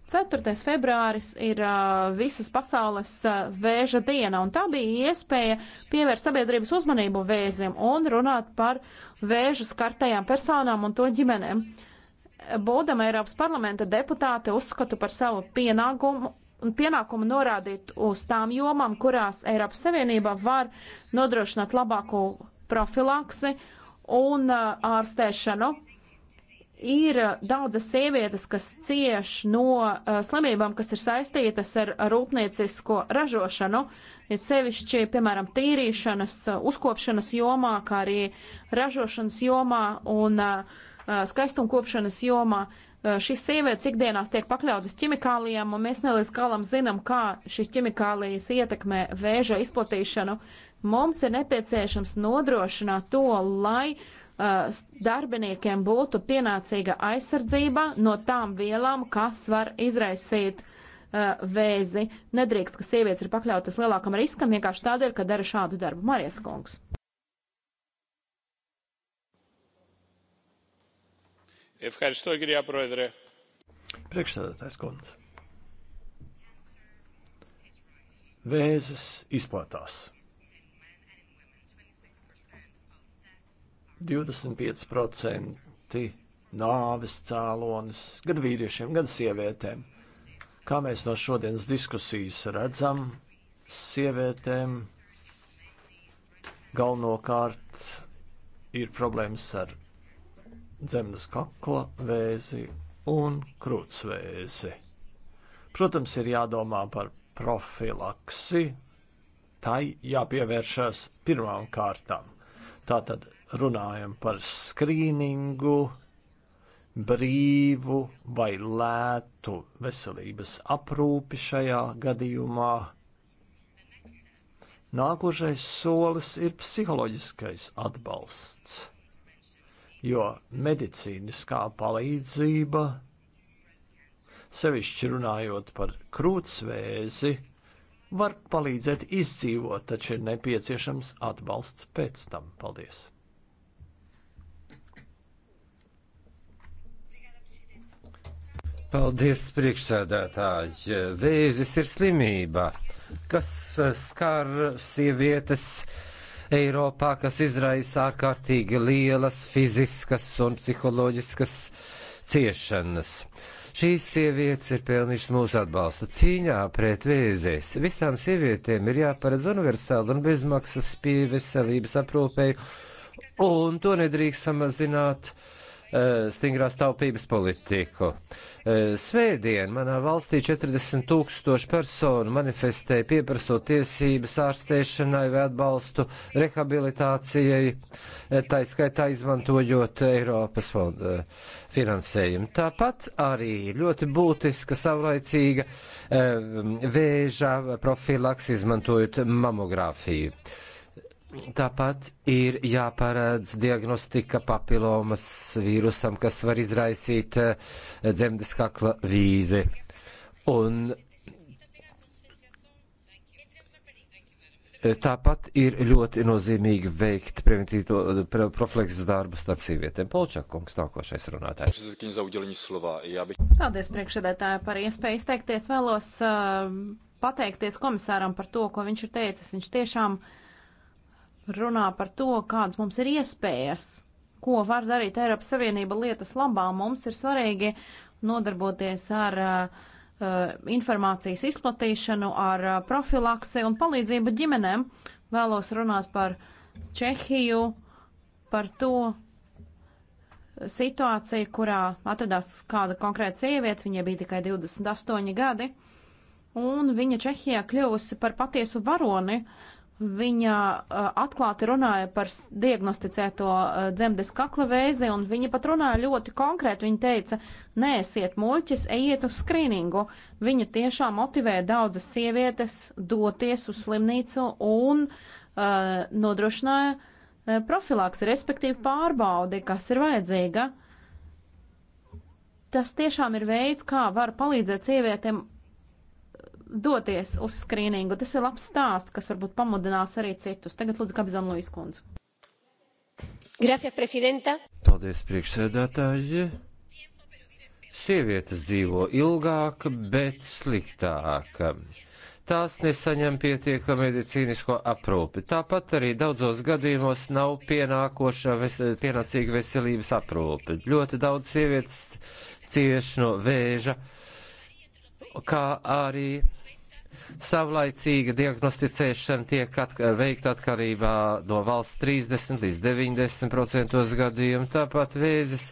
4. februāris ir uh, visas pasaules uh, vēža diena, un tā bija iespēja pievērst sabiedrības uzmanību vēzim un runāt par vēžu skartajām personām un to ģimenēm. Būdama Eiropas parlamenta deputāte, uzskatu par savu pienākumu, pienākumu norādīt uz tām jomām, kurās Eiropas Savienība var nodrošināt labāku profilaksi un uh, ārstēšanu ir eh, daudzas sievietes, kas cieš no uh, slimībām, kas ir saistītas ar rūpniecisko ražošanu, ir sevišķi, piemēram, tīrīšanas, eh, uzkopšanas jomā, kā arī ražošanas jomā un uh, skaistumkopšanas jomā. Uh, šīs sievietes ikdienās tiek pakļautas ķimikālijām, un mēs nelīdz galam zinām, kā šīs ķimikālijas ietekmē vēža izplatīšanu. Mums ir nepieciešams nodrošināt to, lai uh, Uh, darbiniekiem būtu pienācīga aizsardzība no tām vielām, kas var izraisīt uh, vēzi. Nedrīkst, ka sievietes ir pakļautas lielākam riskam vienkārši tādēļ, ka dara šādu darbu. Marijas kungs. Priekšsēdētājs kundze. Vēzis izplatās. 25% nāves cēlonis gan vīriešiem, gan sievietēm. Kā mēs no šodienas diskusijas redzam, sievietēm galvenokārt ir problēmas ar dzemdas kakla vēzi un krūtsvēzi. Protams, ir jādomā par profilaksi, tai jāpievēršas pirmām kārtām. Tātad runājam par skrīningu, brīvu vai lētu veselības aprūpi šajā gadījumā. Nākošais solis ir psiholoģiskais atbalsts, jo medicīniskā palīdzība, sevišķi runājot par krūtsvēzi, var palīdzēt izdzīvot, taču ir nepieciešams atbalsts pēc tam. Paldies! Paldies, priekšsēdētāji. Vēzis ir slimība, kas eh, skar sievietes Eiropā, kas izraisa ārkārtīgi lielas fiziskas un psiholoģiskas ciešanas. Šīs sievietes ir pelnījušas mūsu atbalstu cīņā pret vēzēs. Visām sievietēm ir jāparedz universāli un bezmaksas pie veselības aprūpēju, un to nedrīkst samazināt uh, Eh, stingrās taupības politiku. Eh, svētdien manā valstī 40 tūkstoši personu manifestēja pieprasot tiesības ārstēšanai vai atbalstu rehabilitācijai, eh, tā skaitā izmantojot Eiropas fondu finansējumu. Tāpat arī ļoti būtiska savlaicīga vēža profilaks izmantojot mamogrāfiju. Tāpat ir jāparādz diagnostika papilomas vīrusam, kas var izraisīt eh, dzemdes kakla vīzi. Un Tāpat ir ļoti nozīmīgi veikt preventīvo profilakses darbu starp sievietēm. Polčakungs, nākošais runātājs. Paldies, priekšsēdētāji, par iespēju izteikties. Vēlos uh, pateikties komisāram par to, ko viņš ir teicis. Viņš tiešām uh, runā par to, kādas mums ir iespējas, ko var darīt Eiropas Savienība lietas labā. Mums ir svarīgi nodarboties ar uh, uh informācijas izplatīšanu, ar uh, profilaksi un palīdzību ģimenēm. Vēlos runāt par Čehiju, par to situāciju, kurā atradās kāda konkrēta sieviete, viņai bija tikai 28 gadi, un viņa Čehijā kļuvusi par patiesu varoni, Viņa uh, atklāti runāja par diagnosticēto uh, dzemdes kakla vēzi, un viņa pat runāja ļoti konkrēti. Viņa teica, neesiet muļķis, ejiet uz skrīningu. Viņa tiešām motivēja daudzas sievietes doties uz slimnīcu un uh, nodrošināja uh, profilaks, respektīvi pārbaudi, kas ir vajadzīga. Tas tiešām ir veids, kā var palīdzēt sievietēm doties uz skrīningu. Tas ir labs stāsts, kas varbūt pamudinās arī citus. Tagad lūdzu Kabzan Luis Kundz. Gracias, prezidenta. Paldies, priekšsēdētāji. Sievietes dzīvo ilgāk, bet sliktāk. Tās nesaņem pietiekamu medicīnisko aprūpi. Tāpat arī daudzos gadījumos nav pienākoša ves pienācīga veselības aprūpe. Ļoti daudz sievietes cieš no vēža kā arī savlaicīga diagnosticēšana tiek at veikta atkarībā no valsts 30 līdz 90% gadījumu, tāpat vēzis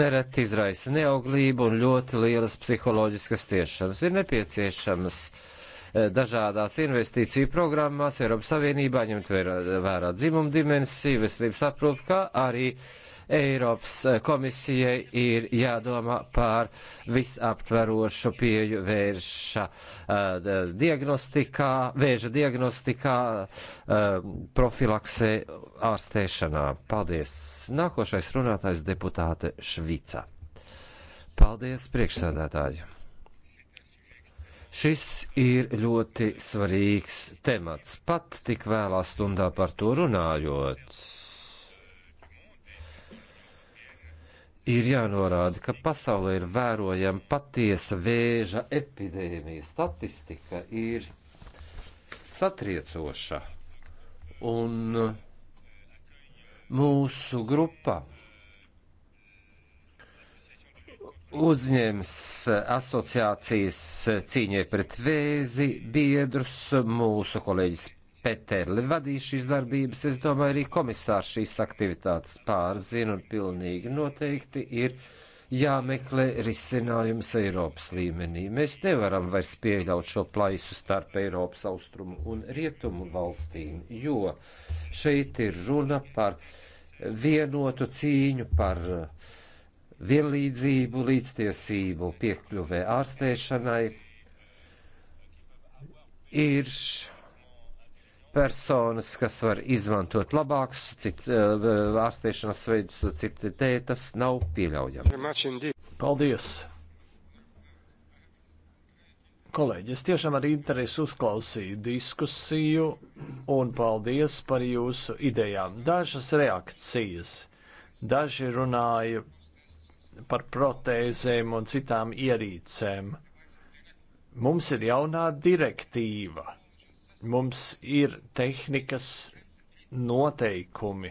nereti izraisa neauglību un ļoti lielas psiholoģiskas ciešanas. Ir nepieciešamas eh, dažādās investīciju programmās Eiropas Savienībā ņemt vērā, vērā dzimumu dimensiju, veselības aprūpu, kā arī uh, Eiropas eh, komisijai ir jādomā par visaptverošu pieju vērša eh, diagnostikā, vēža diagnostikā, eh, profilaksē, ārstēšanā. Paldies! Nākošais runātājs deputāte Švica. Paldies, priekšsēdētāji! Šis ir ļoti svarīgs temats, pat tik vēlā stundā par to runājot. ir jānorāda, ka pasaulē ir vērojama patiesa vēža epidēmija. Statistika ir satriecoša. Un mūsu grupa uzņems asociācijas cīņai pret vēzi biedrus, mūsu kolēģis Peterle vadīs šīs darbības. Es domāju, arī komisārs šīs aktivitātes pārzina un pilnīgi noteikti ir jāmeklē risinājums Eiropas līmenī. Mēs nevaram vairs pieļaut šo plaisu starp Eiropas austrumu un rietumu valstīm, jo šeit ir runa par vienotu cīņu par vienlīdzību, līdztiesību, piekļuvē ārstēšanai. Ir personas, kas var izmantot labākus cits, eh, ārstēšanas veidus, citi tē, tas nav pieļaujami. Paldies! Kolēģi, es tiešām ar interesi uzklausīju diskusiju un paldies par jūsu idejām. Dažas reakcijas. Daži runāja par protēzēm un citām ierīcēm. Mums ir jaunā direktīva Mums ir tehnikas noteikumi.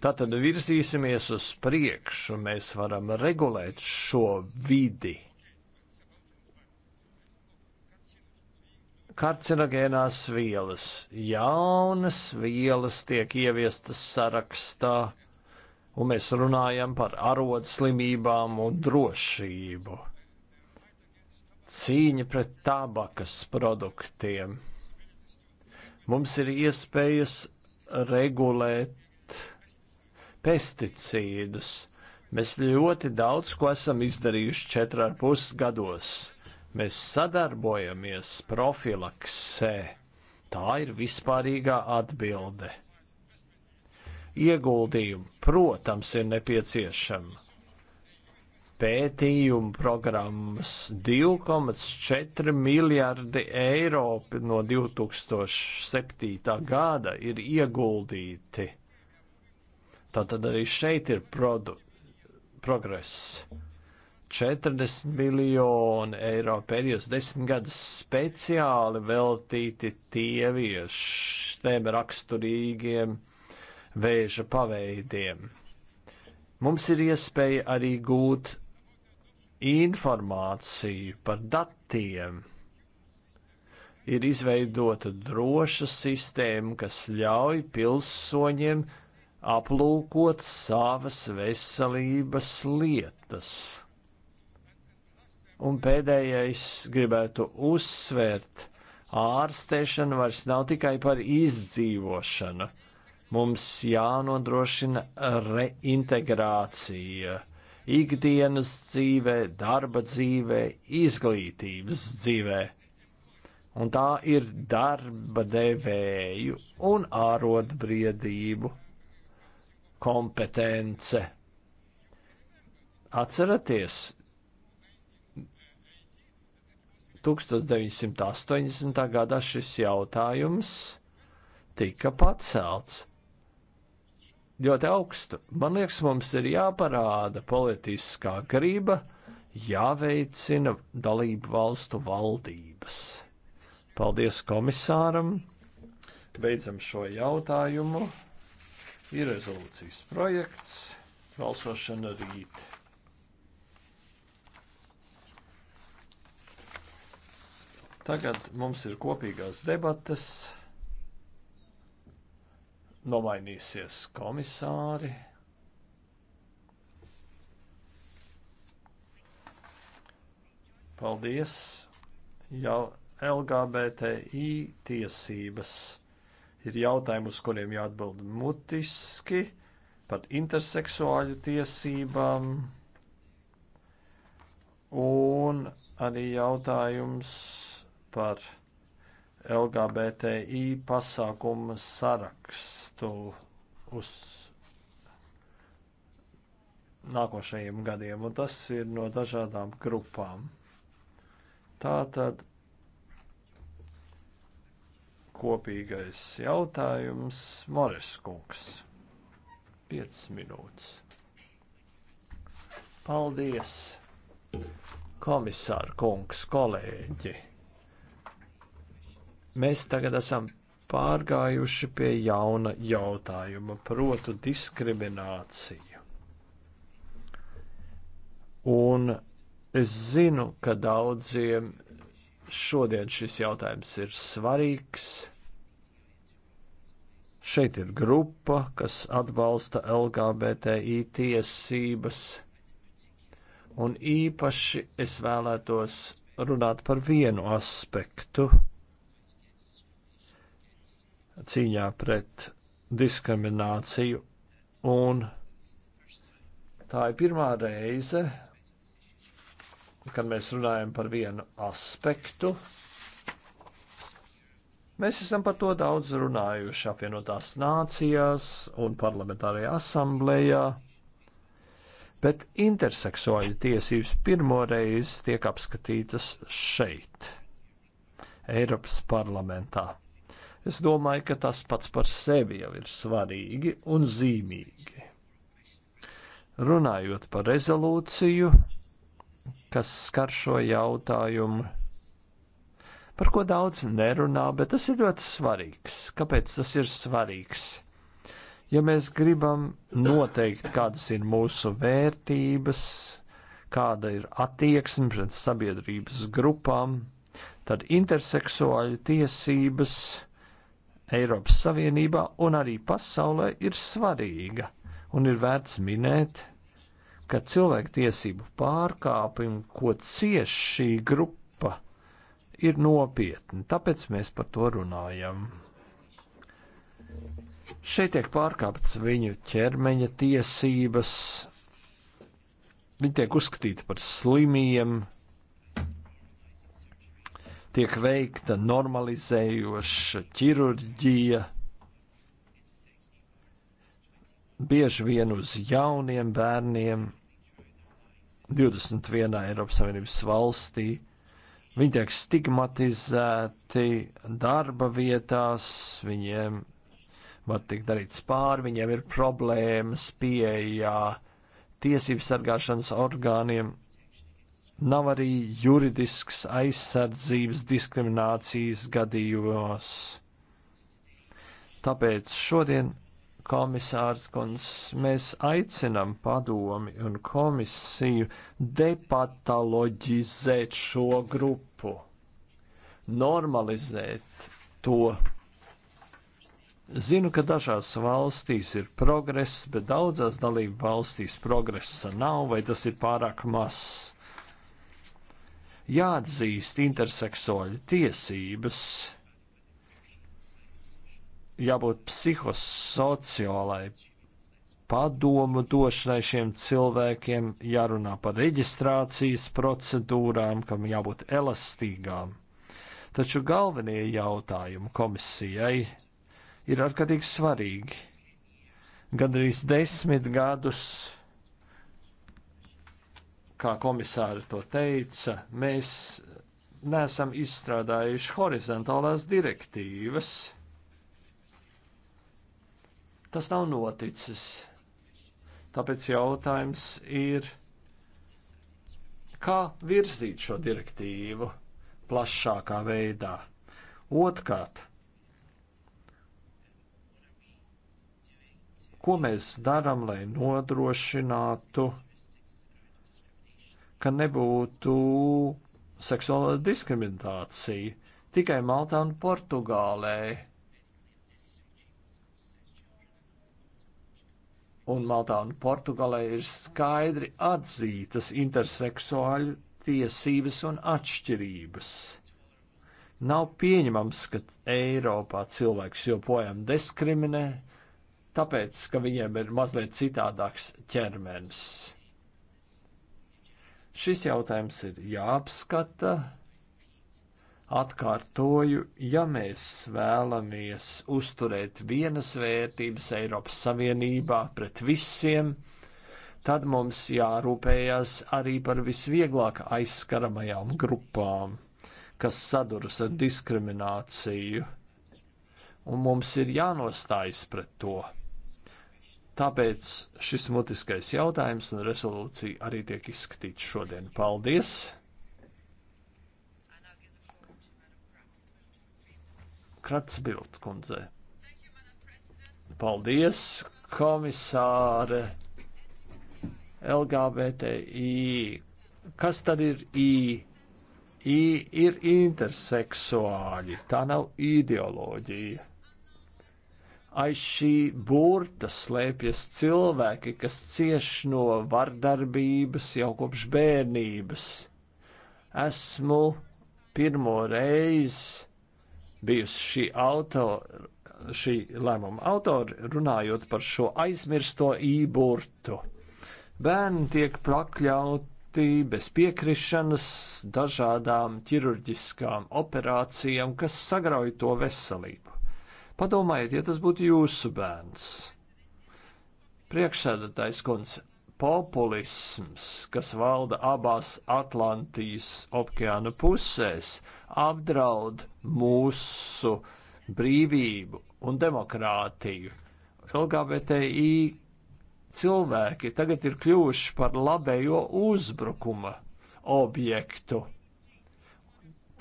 Tātad virzīsimies uz priekšu, mēs varam regulēt šo vidi. Karcinogēnās vielas, jaunas vielas tiek ieviestas sarakstā, un mēs runājam par arodslimībām un drošību. Cīņa pret tabakas produktiem Mums ir iespējas regulēt pesticīdus. Mēs ļoti daudz ko esam izdarījuši četri ar pus gados. Mēs sadarbojamies profilaksē. Tā ir vispārīgā atbilde. Ieguldījumi, protams, ir nepieciešami pētījumu programmas 2,4 miljardi eiro no 2007. gada ir ieguldīti. Tātad arī šeit ir progress. 40 miljoni eiro pēdējos desmit gadus speciāli veltīti tieviešiem raksturīgiem vēža paveidiem. Mums ir iespēja arī gūt informāciju par datiem. Ir izveidota droša sistēma, kas ļauj pilsoņiem aplūkot savas veselības lietas. Un pēdējais gribētu uzsvērt, ārstēšana vairs nav tikai par izdzīvošanu. Mums jānodrošina reintegrācija ikdienas dzīvē, darba dzīvē, izglītības dzīvē. Un tā ir darba devēju un ārotbriedību kompetence. Atceraties, 1980. gadā šis jautājums tika pacelts ļoti augstu. Man liekas, mums ir jāparāda politiskā griba, jāveicina dalību valstu valdības. Paldies komisāram! Beidzam šo jautājumu. Ir rezolūcijas projekts, balsošana rīt. Tagad mums ir kopīgās debatas nomainīsies komisāri. Paldies! Jau LGBTI tiesības ir jautājumi, uz kuriem jāatbild mutiski, pat interseksuāļu tiesībām, un arī jautājums par LGBTI pasākumu saraksts vēstuli uz nākošajiem gadiem, un tas ir no dažādām grupām. Tā tad kopīgais jautājums Moris Kungs. 5 minūtes. Paldies, komisāra kungs, kolēģi! Mēs tagad esam pārgājuši pie jauna jautājuma, protu diskrimināciju. Un es zinu, ka daudziem šodien šis jautājums ir svarīgs. Šeit ir grupa, kas atbalsta LGBTI tiesības, un īpaši es vēlētos runāt par vienu aspektu, cīņā pret diskrimināciju, un tā ir pirmā reize, kad mēs runājam par vienu aspektu. Mēs esam par to daudz runājuši apvienotās nācijās un parlamentārajā asamblējā, bet interseksuāļu tiesības pirmoreiz tiek apskatītas šeit, Eiropas parlamentā. Es domāju, ka tas pats par sevi jau ir svarīgi un zīmīgi. Runājot par rezolūciju, kas skar šo jautājumu, par ko daudz nerunā, bet tas ir ļoti svarīgs. Kāpēc tas ir svarīgs? Ja mēs gribam noteikt, kādas ir mūsu vērtības, kāda ir attieksme pret sabiedrības grupām, tad interseksuāļu tiesības Eiropas Savienībā un arī pasaulē ir svarīga un ir vērts minēt, ka cilvēktiesību pārkāpumi, ko cieš šī grupa, ir nopietni, tāpēc mēs par to runājam. Šeit tiek pārkāptas viņu ķermeņa tiesības, viņi tiek uzskatīti par slimiem, tiek veikta normalizējoša ķirurģija, bieži vien uz jauniem bērniem 21. Eiropas Savienības valstī. Viņi tiek stigmatizēti darba vietās, viņiem var tikt darīts pāri, viņiem ir problēmas pieejā tiesību sargāšanas orgāniem nav arī juridisks aizsardzības diskriminācijas gadījumos. Tāpēc šodien, komisārs Guns, mēs aicinam padomi un komisiju depatoloģizēt šo grupu, normalizēt to. Zinu, ka dažās valstīs ir progress, bet daudzās dalību valstīs progresa nav vai tas ir pārāk mazs jāatzīst interseksuāļu tiesības, jābūt psihosociālai padomu došanai šiem cilvēkiem, jārunā par reģistrācijas procedūrām, kam jābūt elastīgām. Taču galvenie jautājumi komisijai ir ārkārtīgi svarīgi. Gan arī desmit gadus kā komisāri to teica, mēs neesam izstrādājuši horizontālās direktīvas. Tas nav noticis. Tāpēc jautājums ir, kā virzīt šo direktīvu plašākā veidā. Otkārt, ko mēs darām, lai nodrošinātu ka nebūtu seksuāla diskriminācija tikai Maltā un Portugālē. Un Maltā un Portugālē ir skaidri atzītas interseksuāļu tiesības un atšķirības. Nav pieņemams, ka Eiropā cilvēks joprojām diskriminē, tāpēc, ka viņiem ir mazliet citādāks ķermenis. Šis jautājums ir jāapskata. Atkārtoju, ja mēs vēlamies uzturēt vienas vērtības Eiropas Savienībā pret visiem, tad mums jārūpējas arī par visvieglāk aizskaramajām grupām, kas saduras ar diskrimināciju, un mums ir jānostājas pret to. Tāpēc šis mutiskais jautājums un rezolūcija arī tiek izskatīts šodien. Paldies! Kratsbild kundzei. Paldies, komisāre! LGBTI. Kas tad ir I? I ir interseksuāļi, tā nav ideoloģija aiz šī burta slēpjas cilvēki, kas cieš no vardarbības jau kopš bērnības. Esmu pirmo reizi bijusi šī autora, šī lēmuma autora, runājot par šo aizmirsto īburtu. Bērni tiek pakļauti bez piekrišanas dažādām ķirurģiskām operācijām, kas sagrauj to veselību. Padomājiet, ja tas būtu jūsu bērns. Priekšsēdētājs kundze, populisms, kas valda abās Atlantijas okeāna pusēs, apdraud mūsu brīvību un demokrātiju. LGBTI cilvēki tagad ir kļuvuši par labējo uzbrukuma objektu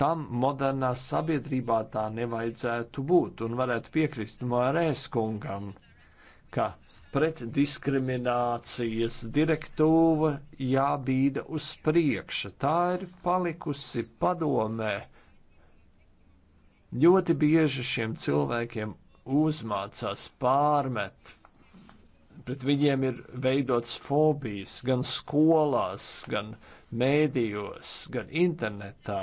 tam modernā sabiedrībā tā nevajadzētu būt, un varētu piekrist Mārēs kungam, ka pret diskriminācijas direktīva jābīda uz priekšu. Tā ir palikusi padomē. Ļoti bieži šiem cilvēkiem uzmācās pārmet. Pret viņiem ir veidots fobijas gan skolās, gan mēdījos, gan internetā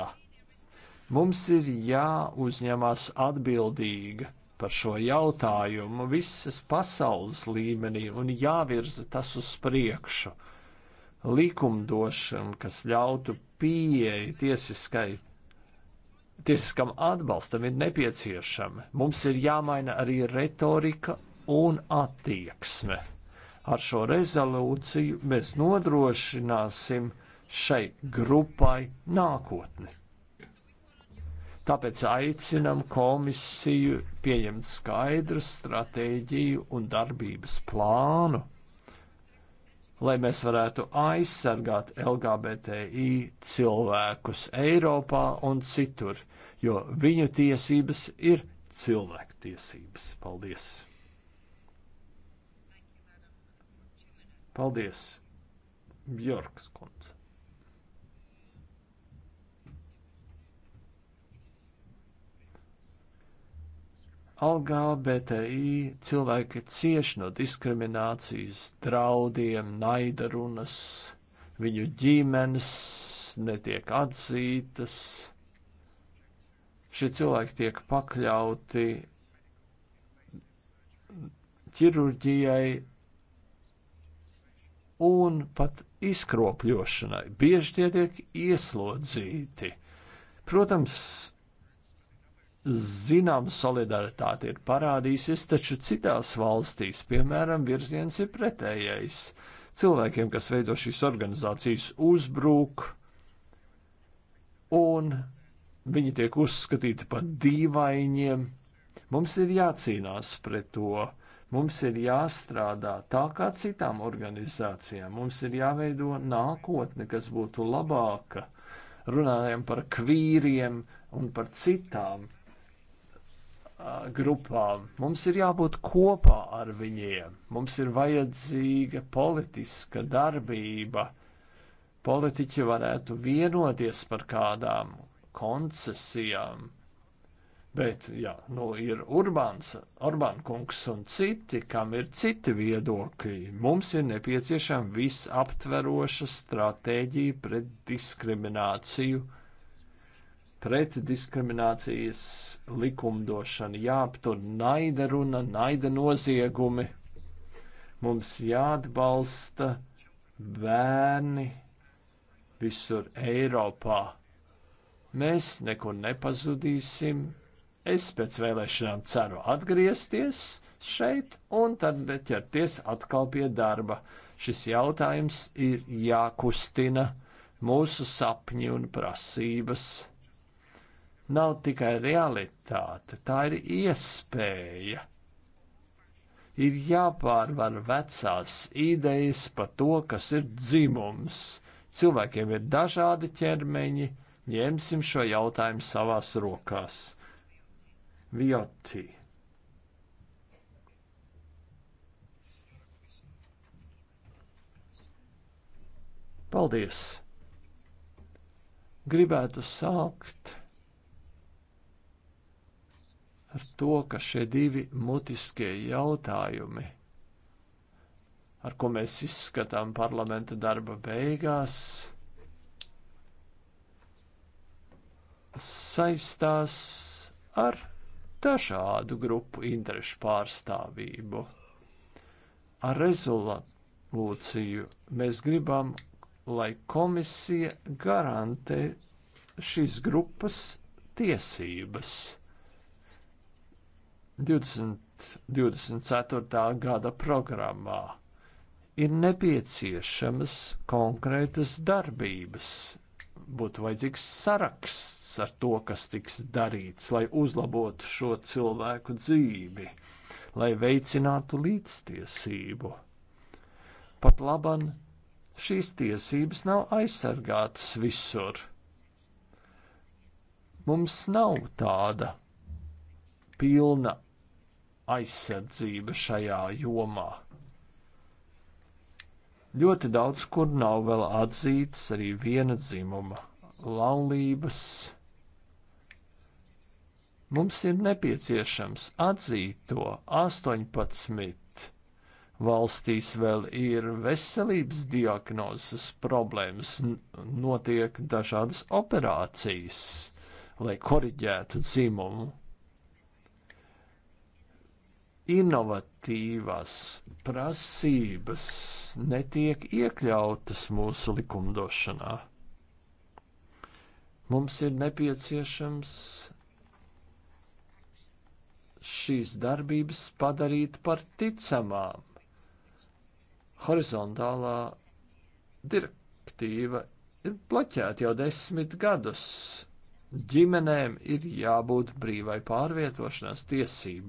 Mums ir jāuzņemās atbildīga par šo jautājumu visas pasaules līmenī un jāvirza tas uz priekšu. Likumdošana, kas ļautu pieeja tiesiskai, tiesiskam atbalstam, ir nepieciešama. Mums ir jāmaina arī retorika un attieksme. Ar šo rezolūciju mēs nodrošināsim šai grupai nākotni. Tāpēc aicinam komisiju pieņemt skaidru stratēģiju un darbības plānu, lai mēs varētu aizsargāt LGBTI cilvēkus Eiropā un citur, jo viņu tiesības ir cilvēktiesības. Paldies! Paldies, Bjorkas kundze! LGBTI cilvēki cieš no diskriminācijas, draudiem, naida runas, viņu ģimenes netiek atzītas. Šie cilvēki tiek pakļauti ķirurģijai un pat izkropļošanai. Bieži tie tiek ieslodzīti. Protams, Zinām, solidaritāte ir parādījusies, taču citās valstīs, piemēram, virziens ir pretējais. Cilvēkiem, kas veido šīs organizācijas, uzbrūk, un viņi tiek uzskatīti par dīvainiem. Mums ir jācīnās pret to. Mums ir jāstrādā tā kā citām organizācijām. Mums ir jāveido nākotne, kas būtu labāka. Runājam par kvīriem un par citām grupām. Mums ir jābūt kopā ar viņiem. Mums ir vajadzīga politiska darbība. Politiķi varētu vienoties par kādām koncesijām. Bet, ja nu, ir Urbāns, Orbán kungs un citi, kam ir citi viedokļi, mums ir nepieciešama visaptveroša stratēģija pret diskrimināciju pret diskriminācijas likumdošanu, jāaptur naida runa, naida noziegumi. Mums jāatbalsta bērni visur Eiropā. Mēs nekur nepazudīsim. Es pēc vēlēšanām ceru atgriezties šeit un tad ķerties atkal pie darba. Šis jautājums ir jākustina mūsu sapņi un prasības nav tikai realitāte, tā ir iespēja. Ir jāpārvar vecās idejas par to, kas ir dzimums. Cilvēkiem ir dažādi ķermeņi, ņemsim šo jautājumu savās rokās. Vioti. Paldies! Gribētu sākt ar to, ka šie divi mutiskie jautājumi, ar ko mēs izskatām parlamenta darba beigās, saistās ar dažādu grupu interešu pārstāvību. Ar rezolūciju mēs gribam, lai komisija garantē šīs grupas tiesības 2024. gada programmā ir nepieciešamas konkrētas darbības. Būtu vajadzīgs saraksts ar to, kas tiks darīts, lai uzlabotu šo cilvēku dzīvi, lai veicinātu līdztiesību. Pat laban šīs tiesības nav aizsargātas visur. Mums nav tāda pilna aizsardzība šajā jomā. Ļoti daudz kur nav vēl atzītas arī viena dzimuma laulības. Mums ir nepieciešams atzīt to 18. Valstīs vēl ir veselības diagnozes problēmas, notiek dažādas operācijas, lai koriģētu dzimumu inovatīvās prasības netiek iekļautas mūsu likumdošanā. Mums ir nepieciešams šīs darbības padarīt par ticamām. Horizontālā direktīva ir bloķēta jau desmit gadus. Ģimenēm ir jābūt brīvai pārvietošanās tiesībai.